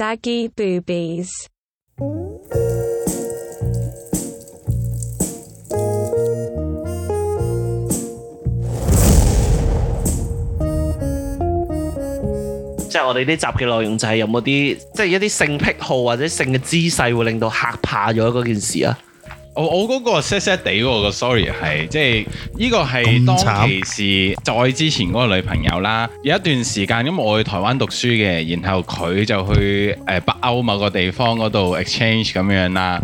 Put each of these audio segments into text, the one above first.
Ducky Boobies，即係我哋呢集嘅內容就有有，就係有冇啲即係一啲性癖好或者性嘅姿勢，會令到嚇怕咗嗰件事啊？我我嗰個 set set 地嗰個 sorry 係，即係呢個係當其時再之前嗰個女朋友啦，有一段時間咁我去台灣讀書嘅，然後佢就去誒北歐某個地方嗰度 exchange 咁樣啦，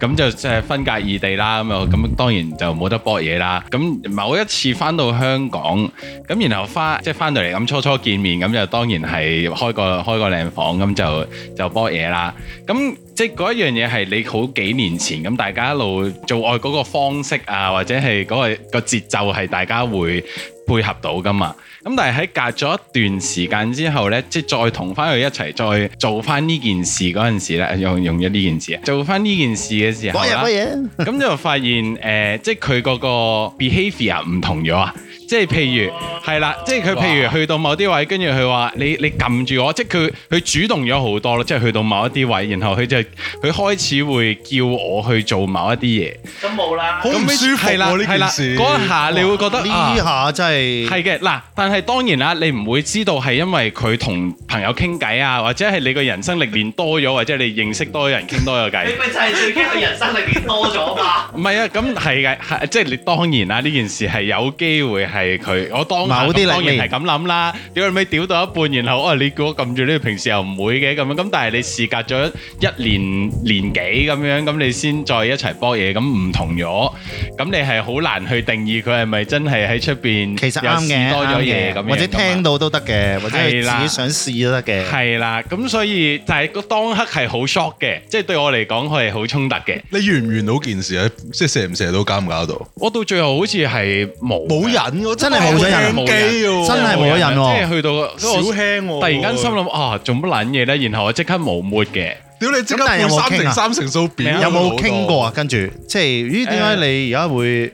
咁就即係分隔異地啦，咁又咁當然就冇得搏嘢啦。咁某一次翻到香港，咁然後翻即係翻到嚟咁初初見面，咁就當然係開個開個靚房，咁就就搏嘢啦。咁即嗰一樣嘢係你好幾年前咁，大家一路做愛嗰個方式啊，或者係嗰個個節奏係大家會配合到㗎嘛。咁但係喺隔咗一段時間之後咧，即係再同翻佢一齊再做翻呢件事嗰陣時咧，用用咗呢件事啊，做翻呢件事嘅時候係乜嘢咁，就發現誒，即係佢嗰個 behavior 唔同咗啊！即係譬如係啦，即係佢譬如去到某啲位，跟住佢話，你你撳住我，即係佢佢主動咗好多咯，即係去到某一啲位，然後佢就佢開始會叫我去做某一啲嘢，咁冇啦，咁舒服係啦，呢件事，嗰一下你會覺得呢下真係係嘅嗱，係當然啦，你唔會知道係因為佢同朋友傾偈啊，或者係你個人生歷練多咗，或者你認識多人傾多咗偈。你咪就係自己嘅人生歷練多咗嘛？唔係啊，咁係嘅，係即係你當然啦，呢件事係有機會係佢，我當某啲當然係咁諗啦。屌你咪屌到一半，然後啊你叫我撳住呢，平時又唔會嘅咁樣，咁但係你事隔咗一年年幾咁樣，咁你先再一齊播嘢，咁唔同咗，咁你係好難去定義佢係咪真係喺出邊有事多咗嘢。或者聽到都得嘅，或者自己想試都得嘅。係啦，咁所以，但係個當刻係好 shock 嘅，即係對我嚟講佢係好衝突嘅。你完唔完到件事啊？即係射唔射到，搞唔搞到？我到最後好似係冇冇忍，真係冇得忍，真係冇得忍。即係去到小輕，突然間心諗啊，做乜撚嘢咧？然後我即刻冇抹嘅。屌你即刻冇傾啊！咁但係有三成三成數表，有冇傾過啊？跟住即係咦？點解你而家會？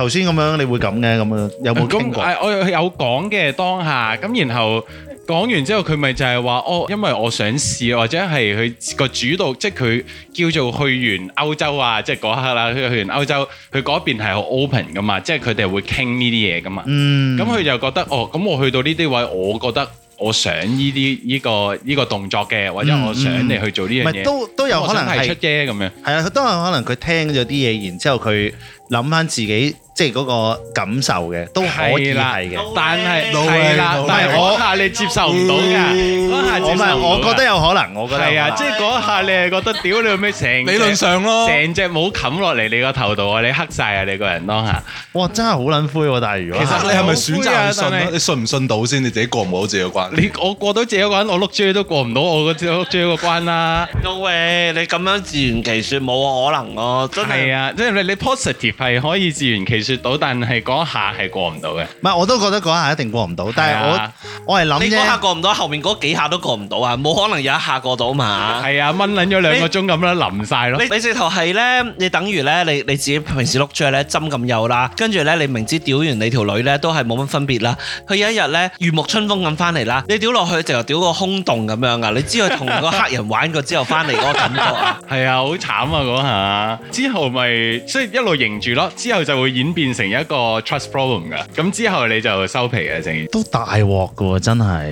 頭先咁樣你會咁嘅咁樣？有冇傾過、嗯嗯嗯哎？我有講嘅當下，咁然後講完之後，佢咪就係話：哦，因為我想試，或者係佢個主導，即係佢叫做去完歐洲啊，即係嗰刻啦、佢，去完歐洲，佢嗰邊係好 open 噶嘛，即係佢哋會傾呢啲嘢噶嘛。嗯。咁佢就覺得：哦，咁我去到呢啲位，我覺得我想呢啲呢個呢、這個動作嘅，或者我想你去做呢樣嘢，都、嗯嗯、都有可能係嘅。咁樣。係啊，當可能佢聽咗啲嘢，然之後佢諗翻自己、嗯。即係嗰個感受嘅都可以係嘅，但係係啦，但係嗰下你接受唔到嘅，下唔係我覺得有可能，我覺得係啊，即係嗰下你係覺得屌你做咩成理論上咯，成隻帽冚落嚟你個頭度啊，你黑晒啊你個人當下，哇真係好撚灰喎但係如果。其實你係咪選擇信？你信唔信到先？你自己過唔到自己個關。你我過到自己個關，我碌蕉都過唔到我個碌蕉個關啦。No 你咁樣自圓其説冇可能咯，真係啊，即係你 positive 係可以自圓其説。到，但係嗰下係過唔到嘅。唔係，我都覺得嗰下一定過唔到。但係我我係諗啫，嗰下過唔到，後面嗰幾下都過唔到啊！冇可能有一下過到嘛？係啊，掹撚咗兩個鐘咁樣，淋曬咯。你直頭係咧，你等於咧，你你自己平時碌出嚟咧針咁幼啦，跟住咧你明知屌完你條女咧都係冇乜分別啦。佢有一日咧如沐春風咁翻嚟啦，你屌落去直頭屌個空洞咁樣噶，你知佢同個黑人玩過之後翻嚟嗰個感覺啊？係啊，好慘啊，嗰下，之後咪所以一路凝住咯，之後就會演變。變成一個 trust problem 㗎，咁之後你就收皮呀，成都大鑊㗎喎，真係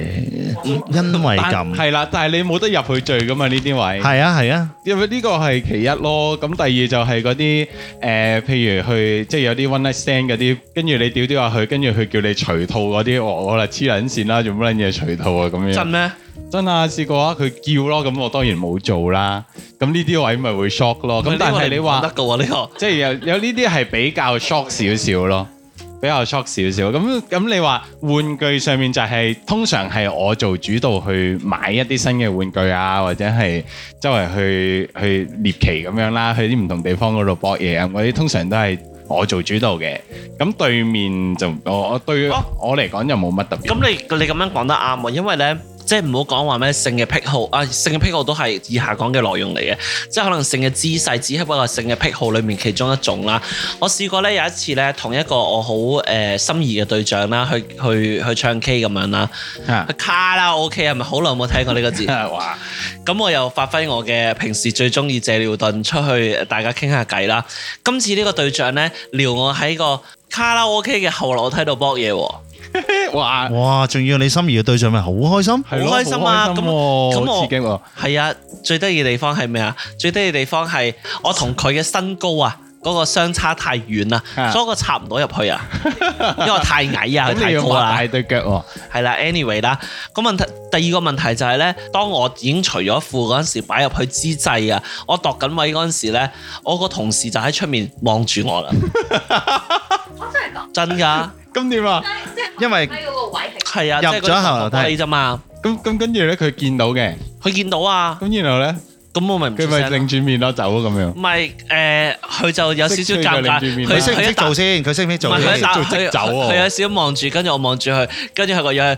因為咁係啦，但係你冇得入去聚㗎嘛呢啲位，係啊係啊，因為呢、啊啊、個係其一咯，咁第二就係嗰啲誒，譬如去即係有啲 one night stand 嗰啲，跟住你屌啲話佢，跟住佢叫你除套嗰啲，我我嚟黐撚線啦，做乜撚嘢除套啊咁樣。真咩？真啊，試過啊，佢叫咯，咁我當然冇做啦。咁呢啲位咪會 shock 咯。咁但係你話得噶喎，呢個即係有有呢啲係比較 shock 少少咯，比較 shock 少少。咁，咁你話玩具上面就係通常係我做主導去買一啲新嘅玩具啊，或者係周圍去去獵奇咁樣啦，去啲唔同地方嗰度博嘢啊嗰啲，通常都係我做主導嘅。咁對面就我我對我嚟講就冇乜特別。咁你你咁樣講得啱喎，因為咧。即係唔好講話咩性嘅癖好啊，性嘅癖好都係以下講嘅內容嚟嘅，即係可能性嘅姿勢只係不過性嘅癖好裏面其中一種啦。我試過咧，有一次咧，同一個我好誒、呃、心儀嘅對象啦，去去去唱 K 咁樣啦，Yeah. 卡拉 OK 係咪好耐冇睇過呢個字？咁、 嗯、我又發揮我嘅平時最中意借尿遁出去，大家傾下偈啦。今次個呢個對象咧，撩我喺個卡拉 OK 嘅後樓梯度剝嘢。哇 哇，仲要你心儀嘅對象咪好開心，好開心啊！咁咁刺激係啊，啊最得意嘅地方係咩啊？最得意嘅地方係我同佢嘅身高啊，嗰、嗰個相差太遠啦，的所以我插唔到入去啊，因為我太矮啊， 佢太高啦，係對腳喎，係啦，anyway 啦。咁問題第二個問題就係、是、咧，當我已經除咗褲嗰陣時擺入去之際啊，我度緊位嗰陣時咧，我個同事就喺出面望住我啦。我 真係講真噶，咁點啊？因為喺嗰個位係入咗行樓梯啫嘛。咁咁跟住咧，佢見到嘅。佢見到啊。咁然後咧，咁我咪佢咪擰轉面囉走咁樣。唔係，誒，佢就有少少尷尬。佢識唔識做先？佢識唔識做？唔係佢打佢走。佢有少少望住，跟住我望住佢，跟住佢個樣。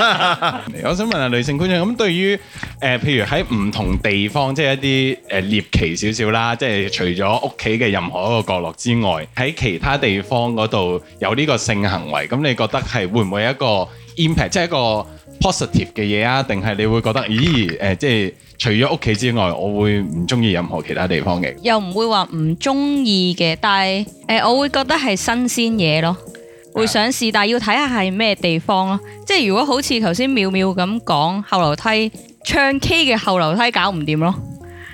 我想問下女性觀眾，咁對於誒、呃，譬如喺唔同地方，即係一啲誒、呃、獵奇少少啦，即係除咗屋企嘅任何一個角落之外，喺其他地方嗰度有呢個性行為，咁你覺得係會唔會一個 impact，即係一個 positive 嘅嘢啊？定係你會覺得，咦誒、呃，即係除咗屋企之外，我會唔中意任何其他地方嘅？又唔會話唔中意嘅，但係誒、呃，我會覺得係新鮮嘢咯。會想試，但係要睇下係咩地方咯。即係如果好似頭先妙妙咁講後樓梯唱 K 嘅後樓梯搞唔掂咯。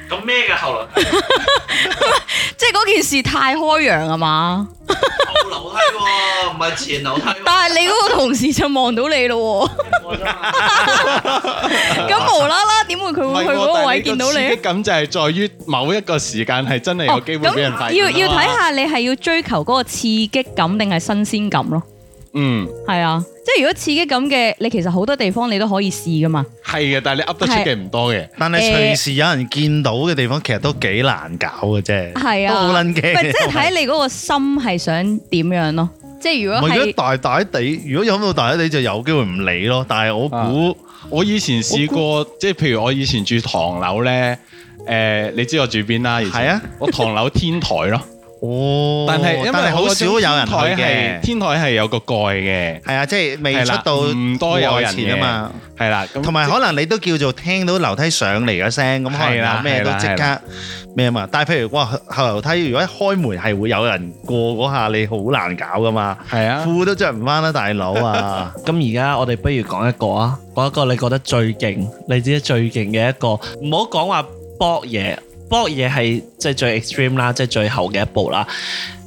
咁咩嘅後樓梯？ 即係嗰件事太開揚啊嘛！後樓梯喎，唔係前樓梯。但係你嗰個同事就望到你咯。咁無啦啦，點會佢會去嗰個位見到你？咁就係在於某一個時間係真係有機會俾人發現。要要睇下你係要追求嗰個刺激感定係新鮮感咯。嗯，係、mm. 啊，即係如果刺激咁嘅，你其實好多地方你都可以試噶嘛。係嘅，但係你噏得出嘅唔多嘅。但係隨時有人見到嘅地方，其實都幾難搞嘅啫。係啊的，冇捻機。即係睇你嗰個心係想點樣咯。即係如果係大大地，如果有到大你就有機會唔理咯。但係我估，啊、我以前試過，估即係譬如我以前住唐樓咧，誒、呃，你知我住邊啦？係啊，啊我唐樓天台咯。哦，但係因為好少有人去嘅，天台係有個蓋嘅，係啊，即係未出到唔多有人啊嘛，係啦，同埋可能你都叫做聽到樓梯上嚟嘅聲，咁可能有咩都即刻咩啊嘛，但係譬如哇後樓梯如果一開門係會有人過嗰下，你好難搞噶嘛，係啊，褲都着唔翻啦大佬啊，咁而家我哋不如講一個啊，講一個你覺得最勁，你知最勁嘅一個，唔好講話搏嘢。波嘢係即係最 extreme 啦，即係最後嘅一步啦。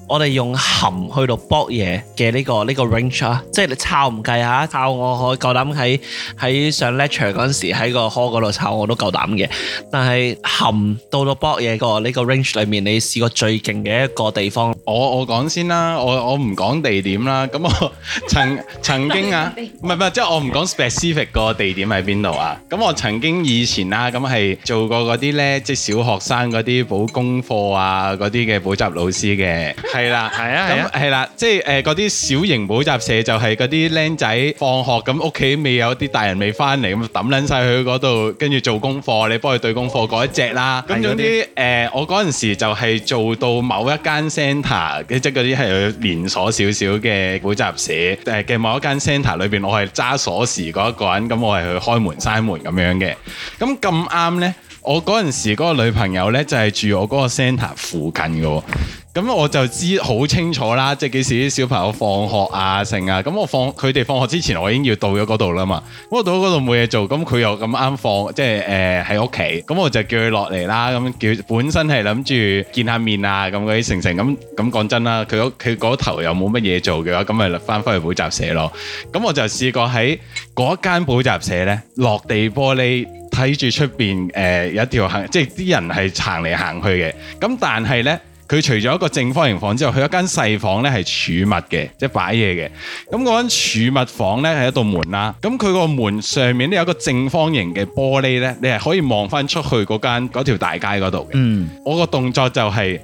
我哋用含去到搏嘢嘅呢個呢個 range 啊，即係你抄唔計嚇，抄我可以夠膽喺喺上 lecture 嗰陣時喺個 hall 嗰度抄我都夠膽嘅。但係含到到搏嘢個呢個 range 裏面，你試過最勁嘅一個地方？我我講先啦，我我唔講地點啦。咁我曾曾經啊，唔係唔係，即係我唔講 specific 個地點喺邊度啊。咁我曾經以前啊，咁係做過嗰啲咧，即係小學生嗰啲補功課啊，嗰啲嘅補習老師嘅。係啦，係啊，咁係啦，即係誒，嗰啲小型補習社就係嗰啲僆仔放學咁屋企未有啲大人未翻嚟咁抌撚晒去嗰度，跟住做功課，你幫佢對功課嗰一隻啦。咁總之誒，我嗰陣時就係做到某一間 centre 即嗰啲係連鎖少少嘅補習社誒嘅、呃、某一間 centre 裏邊，我係揸鎖匙嗰一個人，咁我係去開門閂門咁樣嘅。咁咁啱呢，我嗰陣時嗰個女朋友呢，就係、是、住我嗰個 centre 附近嘅。咁我就知好清楚啦，即係幾時啲小朋友放學啊，成啊，咁我放佢哋放學之前，我已經要到咗嗰度啦嘛。咁我到咗嗰度冇嘢做，咁佢又咁啱放，即係誒喺屋企，咁、呃、我就叫佢落嚟啦。咁叫本身係諗住見下面啊，咁嗰啲成成咁，咁講真啦，佢佢嗰頭又冇乜嘢做嘅話，咁咪翻返去補習社咯。咁我就試過喺嗰間補習社咧，落地玻璃睇住出邊誒有一條行，即係啲人係行嚟行去嘅。咁但係咧。佢除咗一個正方形房之外，佢一,一間細房咧係儲物嘅，即係擺嘢嘅。咁嗰間儲物房咧係一道門啦。咁佢個門上面咧有一個正方形嘅玻璃咧，你係可以望翻出去嗰間嗰條大街嗰度嘅。嗯，我個動作就係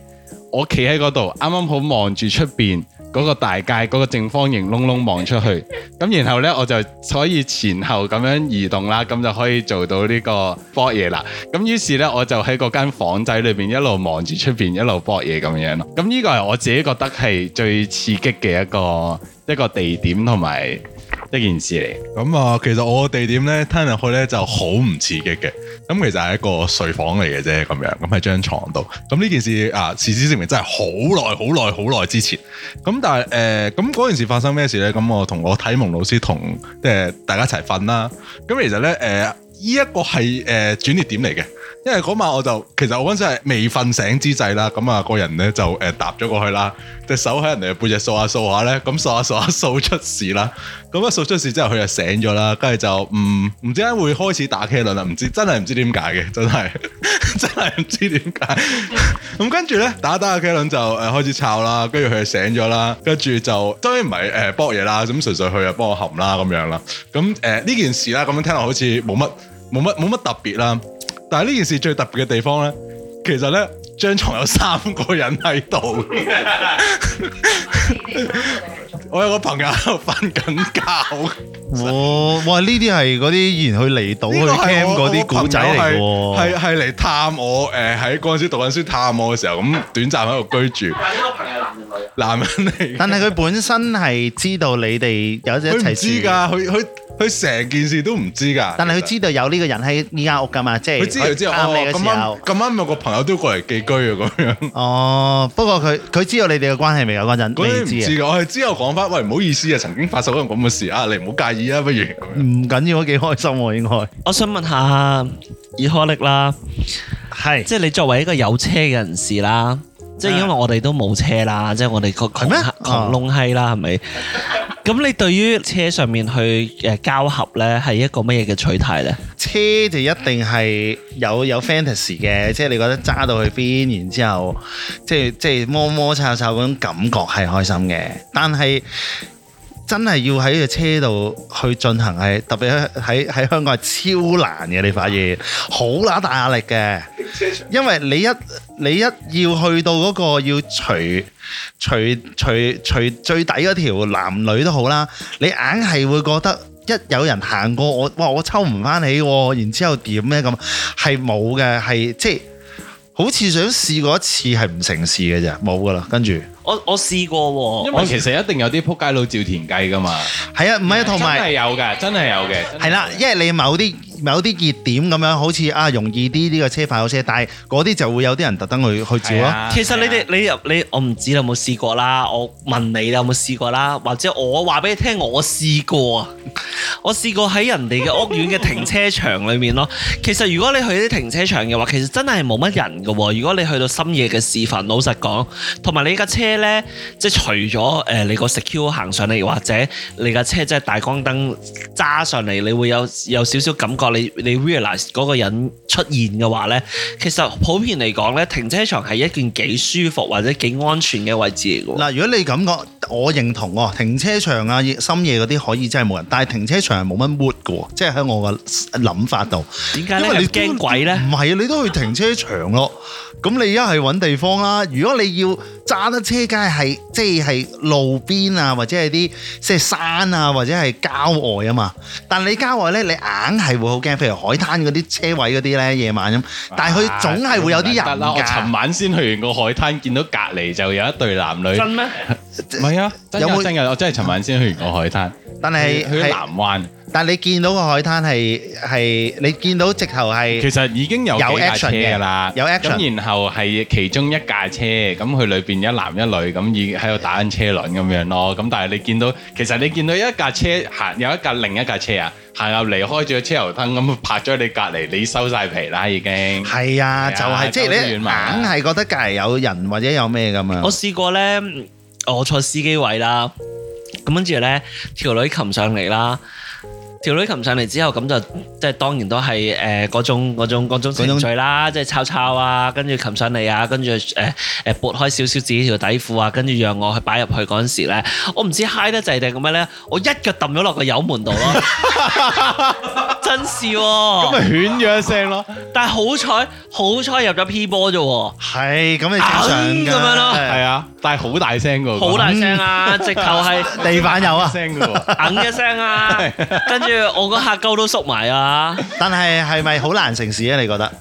我企喺嗰度，啱啱好望住出邊。嗰個大街嗰個正方形窿窿望出去，咁然後呢，我就可以前後咁樣移動啦，咁就可以做到呢個博嘢啦。咁於是呢，我就喺嗰間房仔裏邊一路望住出邊一路博嘢咁樣咯。咁呢個係我自己覺得係最刺激嘅一個一個地點同埋，一件事嚟，咁啊，其實我個地點咧，聽落去咧就好唔刺激嘅，咁其實係一個睡房嚟嘅啫，咁樣，咁喺張床度，咁呢件事啊，事實證明真係好耐、好耐、好耐之前，咁但係誒，咁、呃、嗰件事發生咩事咧？咁我同我啟蒙老師同即係大家一齊瞓啦，咁其實咧誒。呃呢一個係誒轉捩點嚟嘅，因為嗰晚我就其實我嗰陣時係未瞓醒之際啦，咁、那、啊個人咧就誒搭咗過去啦，隻手喺人哋背脊掃下掃下咧，咁掃下掃下、掃下掃出事啦，咁一掃出事之後佢就醒咗啦，跟住就唔唔、嗯、知點解會開始打茄輪啦，唔知真係唔知點解嘅，真係真係唔知點解。咁跟住咧打打下茄輪就誒、呃、開始炒啦，跟住佢就醒咗啦，跟住就當然唔係誒博嘢啦，咁隨隨佢就幫我含啦咁樣啦，咁誒呢件事啦，咁樣聽落好似冇乜。冇乜冇乜特別啦，但係呢件事最特別嘅地方咧，其實咧張床有三個人喺度，我有個朋友喺度瞓緊覺哇，哇！呢啲係嗰啲以前去離島 去 camp 嗰啲古仔嚟嘅喎，係係嚟 探我誒喺嗰陣時讀緊書探我嘅時候咁短暫喺度居住。 男人嚟，但係佢本身係知道你哋有一齊住。佢知噶，佢佢佢成件事都唔知噶。但係佢知道有呢個人喺呢間屋噶嘛，即係佢知。知，啱你嘅時候，咁啱有個朋友都過嚟寄居啊，咁樣。哦，不過佢佢知道你哋嘅關係未啊？嗰陣佢唔知，我係之後講翻，喂，唔好意思啊，曾經發生過咁嘅事啊，你唔好介意啊，不如唔緊要，我幾開心應該。我想問下葉可力啦，係即係你作為一個有車嘅人士啦。即係因為我哋都冇車啦，即係我哋個窮窿閪啦，係咪嗎？咁 你對於車上面去誒交合呢，係一個乜嘢嘅取態呢？車就一定係有有 fantasy 嘅，即係你覺得揸到去邊，然之後即係即係摸摸擦擦嗰種感覺係開心嘅，但係。真係要喺個車度去進行係，特別喺喺香港係超難嘅。你發現好啦，大壓力嘅，因為你一你一要去到嗰個要除除除除最底嗰條男女都好啦，你硬係會覺得一有人行過我，哇！我抽唔翻起，然之後點呢？咁，係冇嘅，係即係好似想試過一次係唔成事嘅啫，冇噶啦，跟住。我我試過喎，啊，因我我其實一定有啲撲街佬照田雞㗎嘛，係啊，唔係同埋真係有㗎，真係有嘅，係啦，啊，因為你某啲。有啲熱點咁樣，好似啊，容易啲呢、這個車快有車，但係啲就會有啲人特登去、嗯、去照咯、啊。其實的你哋你入你我唔知你有冇試過啦，我問你有冇試過啦，或者我話俾你聽我試過啊，我試過喺人哋嘅屋苑嘅停車場裏面咯。 其實如果你去啲停車場嘅話，其實真係冇乜人嘅。如果你去到深夜嘅時分老實講，同埋你架車咧，即係除咗誒、呃、你個 secure 行上嚟，或者你架車即係大光燈揸上嚟，你會有有少少感覺。你你 realize 嗰個人出現嘅話咧，其實普遍嚟講咧，停車場係一件幾舒服或者幾安全嘅位置嚟㗎。嗱，如果你感覺。我認同喎，停車場啊、深夜嗰啲可以真係冇人，但係停車場係冇乜 mood 嘅喎，即係喺我嘅諗法度。點解咧？因為你驚鬼咧？唔係啊，你都去停車場咯。咁你而家係揾地方啦。如果你要揸得車，梗係係即係路邊啊，或者係啲即係山啊，或者係郊外啊嘛。但係你郊外咧，你硬係會好驚。譬如海灘嗰啲車位嗰啲咧，夜晚咁。哇但係佢總係會有啲人。得啦，我尋晚先去完個海灘，見到隔離就有一對男女。 有冇真嘅？我真係尋晚先去完個海灘，但係去南灣。但係你見到個海灘係係你見到直頭係，其實已經有幾架車噶啦，有 action。咁然後係其中一架車，咁佢裏邊一男一女咁已喺度打緊車輪咁樣咯。咁但係你見到，其實你見到一架車行，有一架另一架車啊，行入離開咗車頭燈，咁拍咗你隔籬，你收晒皮啦已經。係啊，就係即係你硬係覺得隔籬有人或者有咩咁啊。我試過咧。我坐司機位啦，咁跟住咧，條女擒上嚟啦，條女擒上嚟之後，咁就即係當然都係誒嗰種嗰種嗰種情趣啦，即係這種 抄抄啊，跟住擒上嚟啊，跟住誒誒撥開少少自己條底褲啊，跟住讓我去擺入去嗰陣時咧，我唔知嗨得滯定咁樣咧，我一腳抌咗落個油門度咯， 真笑咁咪犬養聲咯，但係好彩好彩入咗 P 波啫，係咁你正常噶，係啊。的但係好大聲個，好大聲啊！嗯、直頭係 地板有啊，聲嘅喎，嗯一聲啊， 跟住我個下溝都縮埋啊！ 但係係咪好難成事啊，你覺得？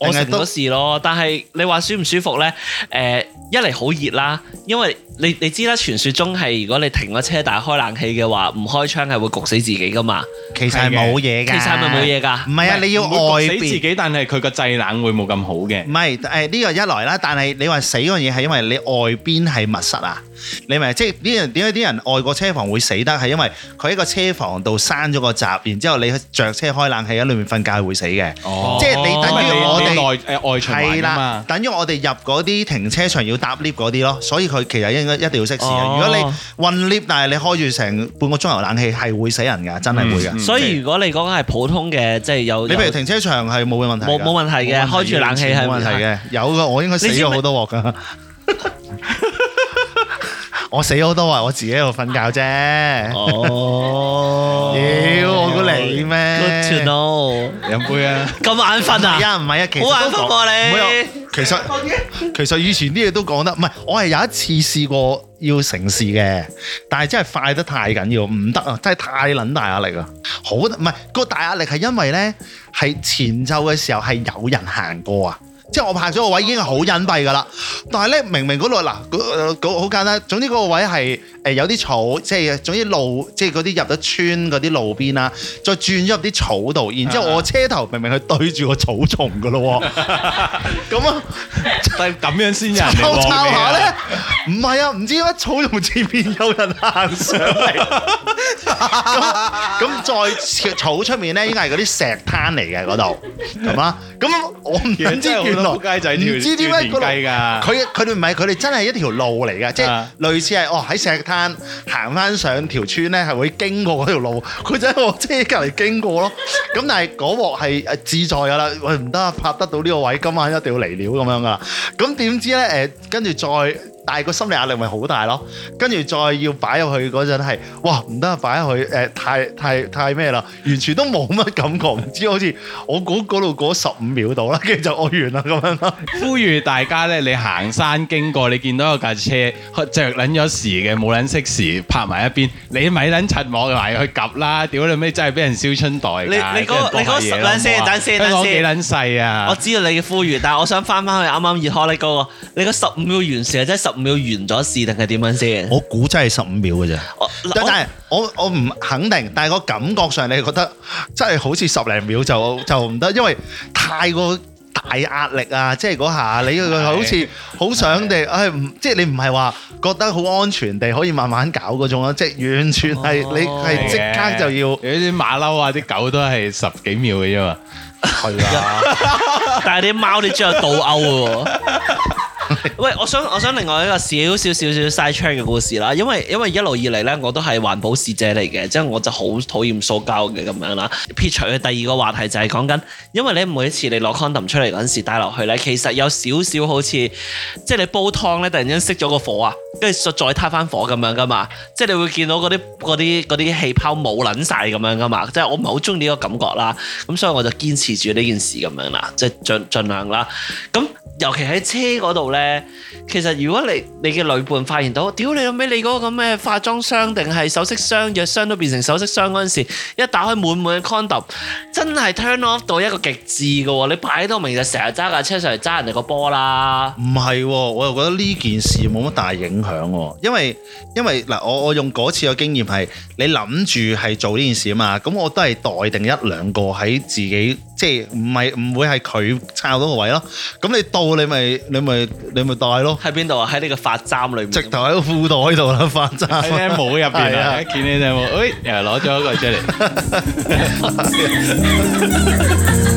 我食咗事咯，但係你話舒唔舒服咧？誒、呃，一嚟好熱啦，因為你你知啦，傳說中係如果你停咗車但係開冷氣嘅話，唔開窗係會焗死自己噶嘛。其實係冇嘢噶，的其實係咪冇嘢噶？唔係啊，你要外焗死自己，但係佢個制冷會冇咁好嘅。唔係誒，呢、呃、個一來啦，但係你話死嗰樣嘢係因為你外邊係密室啊。你明即係呢樣，點解啲人外國車房會死得，係因為佢喺個車房度閂咗個閘，然之後你着車開冷氣喺裏面瞓覺係會死嘅。哦，即係你等於我哋係啦，等於我哋入嗰啲停車場要搭 lift 嗰啲咯，所以佢其實應該一定要識事。如果你運 lift，但係你開住成半個鐘頭冷氣係會死人㗎，真係會㗎。所以如果你講緊係普通嘅，即係有你譬如停車場係冇嘅問題，冇冇問題嘅，開住冷氣係冇問題嘅，有噶，我應該死咗好多鑊㗎。我死好多啊！我自己喺度瞓覺啫。哦，屌，我估你咩？Good to know。飲杯啊，咁眼瞓啊，而家唔係一其實好眼瞓喎你。其實其實以前啲嘢都講得，唔係我係有一次試過要成事嘅，但係真係快得太緊要，唔得啊！真係太撚大壓力啊！好唔係、個大壓力係因為咧係前奏嘅時候係有人行過啊。即我派咗個位已經係好隱蔽㗎啦，但係呢明明嗰度嗱嗰嗰好簡單，總之嗰個位係。誒有啲草，即係總之路，即係嗰啲入咗村嗰啲路邊啦，再轉咗入啲草度，然之後我車頭明明係對住個草叢噶咯喎，咁 就啊，就係咁樣先入嚟抄抄下咧，唔係啊，唔知點解草叢前面有人行上嚟，咁 再草出面咧應該係嗰啲石灘嚟嘅嗰度，係嘛？咁我唔知原來唔知點解佢佢哋唔係佢哋真係一條路嚟嘅，即係 類似係哦喺石。行翻上條村咧，係會經過嗰條路，佢就喺我車隔離經過咯。咁但係嗰鑊係自在噶啦，喂唔得啊，拍得到呢個位，今晚一定要嚟料咁樣噶啦。咁點知咧？誒，跟住再。但係個心理壓力咪好大咯，跟住再要擺入去嗰陣係，哇唔得啊！擺入去誒、呃、太太太咩啦，完全都冇乜感覺，唔知好似我嗰度講十五秒度啦，跟住就屙完啦咁樣啦。呼籲大家咧，你行山經過，你見到有架車着撚咗時嘅，冇撚熄時，拍埋一邊，你咪撚擦網埋去夾啦！屌你咩真係俾人燒春袋你你、那、嗰個你嗰撚先撚先撚先，幾撚細啊？我知道你嘅呼籲， 但係我想翻翻去啱啱熱開你嗰、那個，你嗰十五秒完時即係十。完秒完咗事定係點樣先？我估真係十五秒嘅啫，但係我我唔肯定，但係我感覺上你係覺得真係好似十零秒就就唔得，因為太過大壓力啊！即係嗰下你好似好想地，哎即係你唔係話覺得好安全地可以慢慢搞嗰種咯，即係完全係你係即刻就要。啲馬騮啊，啲狗都係十幾秒嘅啫嘛，係啊，但係啲貓你知啊，鬥毆。喂，我想我想另外一個少少少少 side train 嘅故事啦，因為因為一路以嚟咧，我都係環保使者嚟嘅，即係我就好討厭塑膠嘅咁樣啦。撇除第二個話題就係講緊，因為咧每一次你攞 condom 出嚟嗰陣時戴落去咧，其實有少少好似即係你煲湯咧突然間熄咗個火啊，跟住再再撻翻火咁樣噶嘛，即係你會見到嗰啲嗰啲嗰啲氣泡冇撚晒咁樣噶嘛，即係我唔係好中意呢個感覺啦，咁所以我就堅持住呢件事咁樣啦，即係盡盡量啦。咁尤其喺車嗰度咧。誒，其實如果你你嘅女伴發現到，屌你後屘你嗰個咁嘅化妝箱，定係首飾箱、藥箱都變成首飾箱嗰陣時，一打開滿滿嘅 condom，真係 turn off 到一個極致㗎，你擺到明就成日揸架車上嚟揸人哋個波啦。唔係，哦，我又覺得呢件事冇乜大影響，哦，因為因為嗱，我我用嗰次嘅經驗係。你諗住係做呢件事啊嘛，咁我都係袋定一兩個喺自己，即係唔係唔會係佢抄嗰個位咯。咁你到你咪你咪你咪袋咯。喺邊度啊？喺呢個髮簪裏面，直頭喺個褲袋度啦，髮簪。喺帽入邊啊！見你隻帽，哎，又攞咗一個出嚟。